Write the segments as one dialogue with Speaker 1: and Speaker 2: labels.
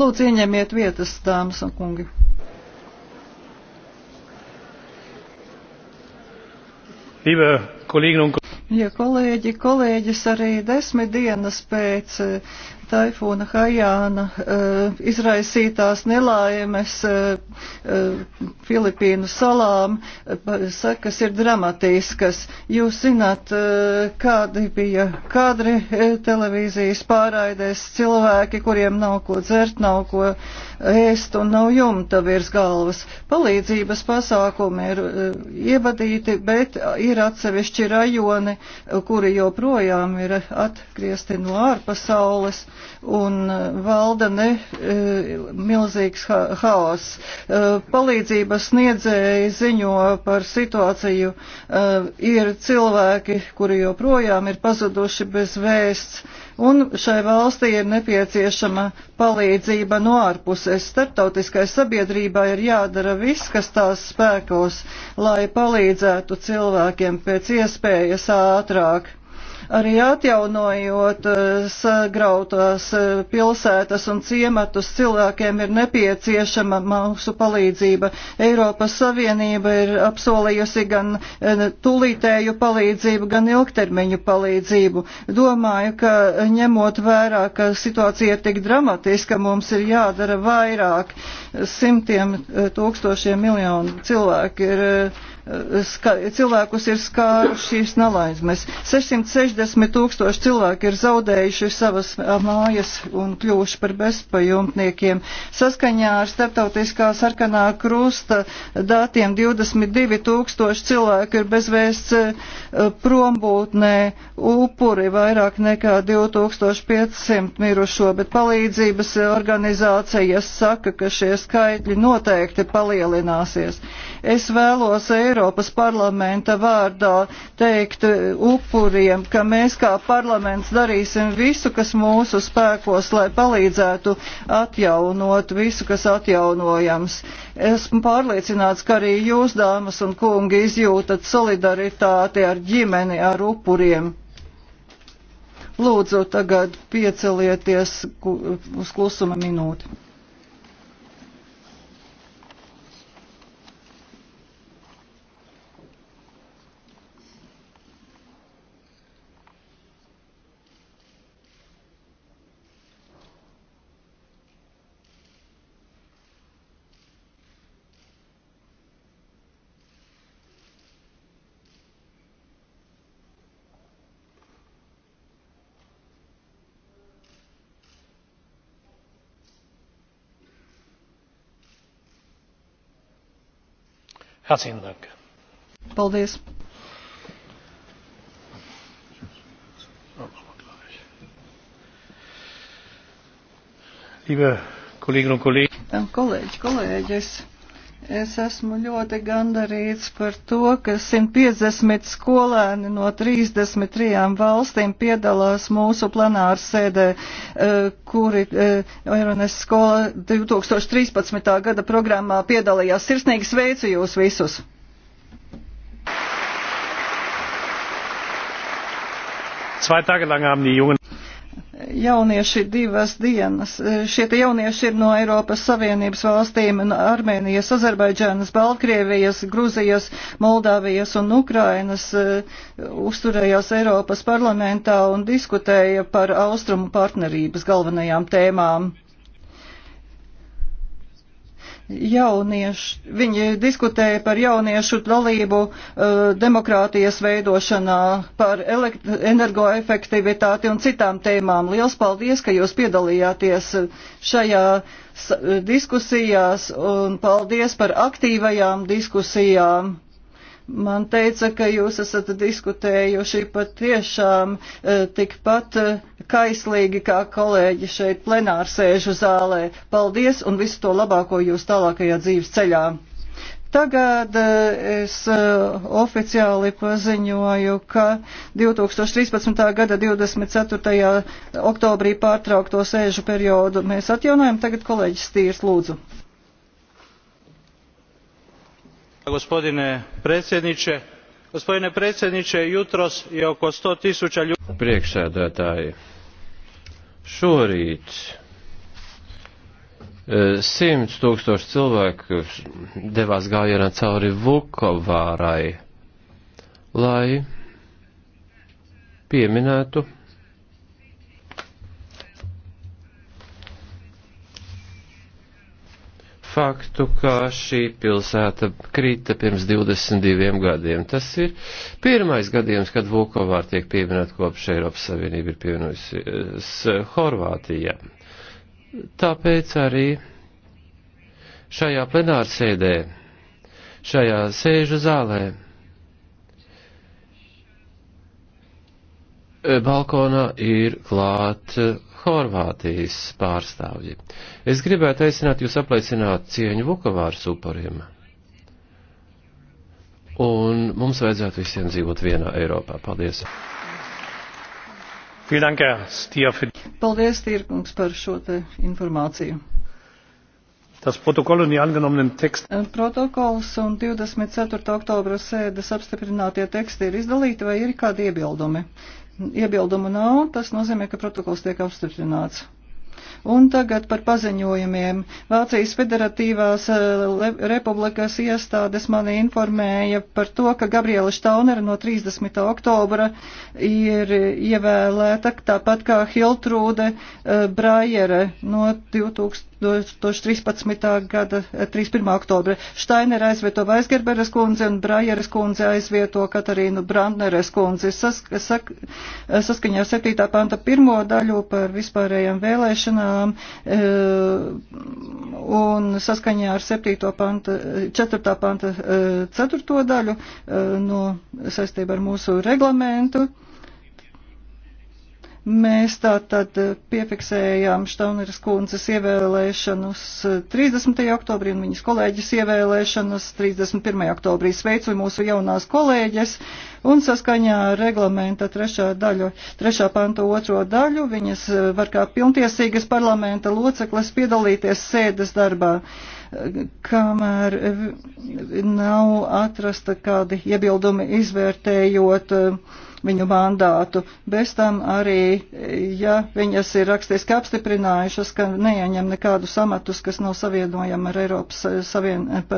Speaker 1: Lūdzu, ieņemiet vietas, dāmas un kungi. Liebe Kolleginnen un Kollegen. Ja kolēģi, kolēģis arī desmit dienas pēc eh, taifūna Hajāna eh, izraisītās nelaimes eh, eh, Filipīnu salām sekas ir dramatiskas. Jūs zināt, kādi bija kadri televīzijas pārraidēs cilvēki, kuriem nav ko dzert, nav ko ēst un nav jumta virs galvas. Palīdzības pasākumi ir ievadīti, bet ir atsevišķi rajoni, kuri joprojām ir atgriezti no ārpasaules un e, valda ne e, milzīgs haoss. E, palīdzības sniedzēji ziņo par situāciju. Ir cilvēki, kuri joprojām ir pazuduši bez vēsts, un šai valstī ir nepieciešama palīdzība no ārpuses. Startautiskai sabiedrībai ir jādara viss, kas tās spēkos, lai palīdzētu cilvēkiem pēc iespējas ātrāk Arī atjaunojot eh, sagrautās eh, pilsētas un ciematus, cilvēkiem ir nepieciešama mūsu palīdzība. Eiropas Savienība ir apsolījusi gan eh, tūlītēju palīdzību, gan ilgtermiņu palīdzību. Domāju, ka ņemot vērā, ka situācija ir tik dramatiska, mums ir jādara vairāk. Simtiem tūkstošiem miljonu cilvēku ir ska, cilvēkus ir skāruši šīs nelaizmes. 660 tūkstoši cilvēki ir zaudējuši savas mājas un kļuvuši par bezpajumtniekiem. Saskaņā ar starptautiskā sarkanā krusta datiem 22 tūkstoši cilvēki ir bezvēsts prombūtnē, upuri vairāk nekā 2500 mirušo, bet palīdzības organizācijas saka, ka šie skaitļi noteikti palielināsies. Es vēlos Eiropas Eiropas parlamenta vārdā teikt upuriem, ka mēs kā parlaments darīsim visu, kas mūsu spēkos, lai palīdzētu atjaunot visu, kas atjaunojams. Esmu pārliecināts, ka arī jūs, dāmas un kungi, izjūtat solidaritāti ar ģimeni, ar upuriem. Lūdzu, tagad piecelieties uz klusuma minūti. Herzlichen Dank. Paldies. Liebe Kolleginnen und Kollegen. Kolēģi, kolēģis. Es esmu ļoti gandarīts par to, ka 150 skolēni no 33 valstīm piedalās mūsu plenāru sēdē, eh, kuri Eironas eh, skola 2013. gada programmā piedalījās. Sirsnīgi sveicu jūs visus! Zwei Tage lang haben die jungen jaunieši divas dienas. E, šie jaunieši ir no Eiropas Savienības valstīm no - Armēnijas, Azerbaidžānas, Baltkrievijas, Gruzijas, Moldāvijas un Ukrainas e, uzturējās Eiropas parlamentā un diskutēja par austrumu partnerības galvenajām tēmām jaunieši, viņi diskutēja par jauniešu dalību uh, demokrātijas veidošanā, par energoefektivitāti un citām tēmām. Liels paldies, ka jūs piedalījāties šajā diskusijās un paldies par aktīvajām diskusijām. Man teica, ka jūs esat diskutējuši pat tiešām e, tikpat e, kaislīgi kā kolēģi šeit plenārsēžu zālē. Paldies un visu to labāko jūs tālākajā dzīves ceļā! Tagad e, es oficiāli paziņoju, ka 2013. gada 24. oktobrī pārtraukto sēžu periodu mēs atjaunojam. Tagad kolēģis Stīrs lūdzu. gospodine predsjednie gospodine predsjednie jutros je oko sto tisua ljudi. priekšsēdētāji šorīt e, simts tūkstoši cilvēku devās gājienā cauri vukovārai lai pieminētu faktu, ka šī pilsēta krita pirms 22 gadiem. Tas ir pirmais gadījums, kad Vukovār tiek pieminēta kopš Eiropas Savienība ir pievienojusies eh, Horvātija. Tāpēc arī šajā plenārsēdē, šajā sēžu zālē, eh, balkonā ir klāt Horvātijas pārstāvji. Es gribētu aicināt jūs apliecināt cieņu Vukovārs upuriem. Un mums vajadzētu visiem dzīvot vienā Eiropā. Paldies! Paldies, Tīrkungs, par šo te informāciju. Tas protokoll un die angenommenen tekst. Eh, protokols un 24. oktobra sēdes apstiprinātie teksti ir izdalīti vai ir kādi iebildumi? Iebildumu nav, tas nozīmē, ka protokols tiek apstiprināts. Un tagad par paziņojumiem. Vācijas Federatīvās eh, republikas iestādes mani informēja par to, ka Gabriela Štaunera no 30. oktobra ir ievēlēta tāpat kā Hiltrūde eh, Brajere no 2000. 2013. gada 31. Eh, oktobra. Štainera aizvieto Vaisgerberes kundzi un Brajeres kundzi aizvieto Katarīnu Brandneres kundzi. Sas, sak, eh, saskaņā 7. panta pirmo daļu par vispārējām vēlēšanām eh, un saskaņā ar 7. panta, 4. panta 4. daļu no saistībā ar mūsu reglamentu. Mēs tātad piefiksējām Štauneres kundzes ievēlēšanas 30. oktobrī un viņas kolēģis ievēlēšanas 31. oktobrī. Sveicu mūsu jaunās kolēģes un saskaņā ar reglamenta trešā, daļu, trešā panta otro daļu viņas var kā pilntiesīgas parlamenta locekles piedalīties sēdes darbā kamēr nav atrasta kādi iebildumi izvērtējot eh, viņu mandātu. Bez tam arī, ja viņas ir rakstiski apstiprinājušas, ka neieņem nekādu samatus, kas nav savienojama ar Eiropas, eh, Savien, eh,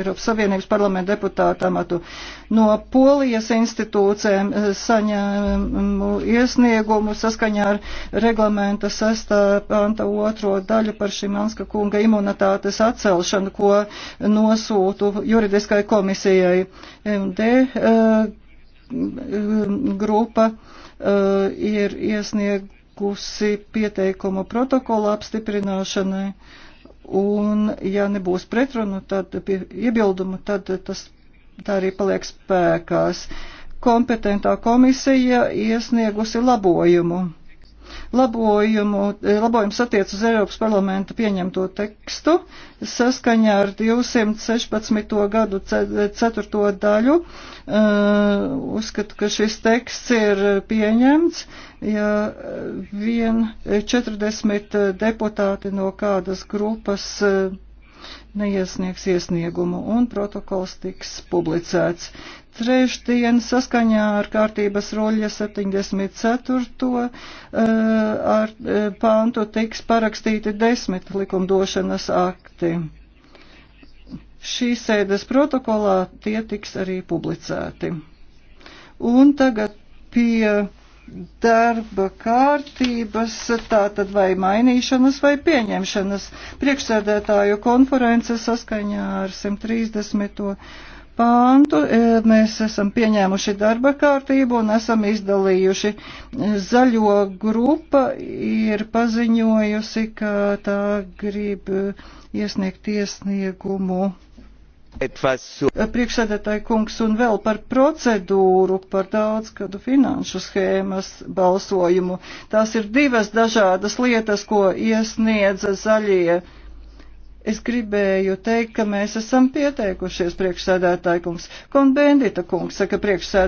Speaker 1: Eiropas Savienības parlamentu deputātu amatu. No polijas institūcijām saņēmu iesniegumu saskaņā ar reglamenta 6. panta 2. daļu par šī Manska kunga imunitāti imunitātes atcelšanu, ko nosūtu juridiskai komisijai. MD eh, grupa eh, ir iesniegusi pieteikumu protokola apstiprināšanai, un ja nebūs pretrunu, tad iebildumu, tad tas tā arī paliek spēkās. Kompetentā komisija iesniegusi labojumu. Labojumu, eh, labojums attiec uz Eiropas parlamenta pieņemto tekstu saskaņā ar 216. gadu 4. daļu. Eh, uzskatu, ka šis teksts ir pieņemts, ja vien 40 deputāti no kādas grupas eh, neiesniegs iesniegumu un protokols tiks publicēts trešdien saskaņā ar kārtības roļa 74. Eh, ar eh, pāntu tiks parakstīti desmit likumdošanas akti. Šīs sēdes protokolā tie tiks arī publicēti. Un tagad pie darba kārtības, tātad vai mainīšanas vai pieņemšanas. Priekšsēdētāju konference saskaņā ar 130 pāntu. E, mēs esam pieņēmuši darba kārtību un esam izdalījuši. E, zaļo grupa ir paziņojusi, ka tā grib iesniegt iesniegumu. E, priekšsēdētāji kungs un vēl par procedūru, par daudzgadu finanšu schēmas balsojumu. Tās ir divas dažādas lietas, ko iesniedza zaļie Es gribēju teikt, ka mēs esam pieteikušies priekšsēdētāji kungs. Konbendita kungs saka priekšsēdētāji.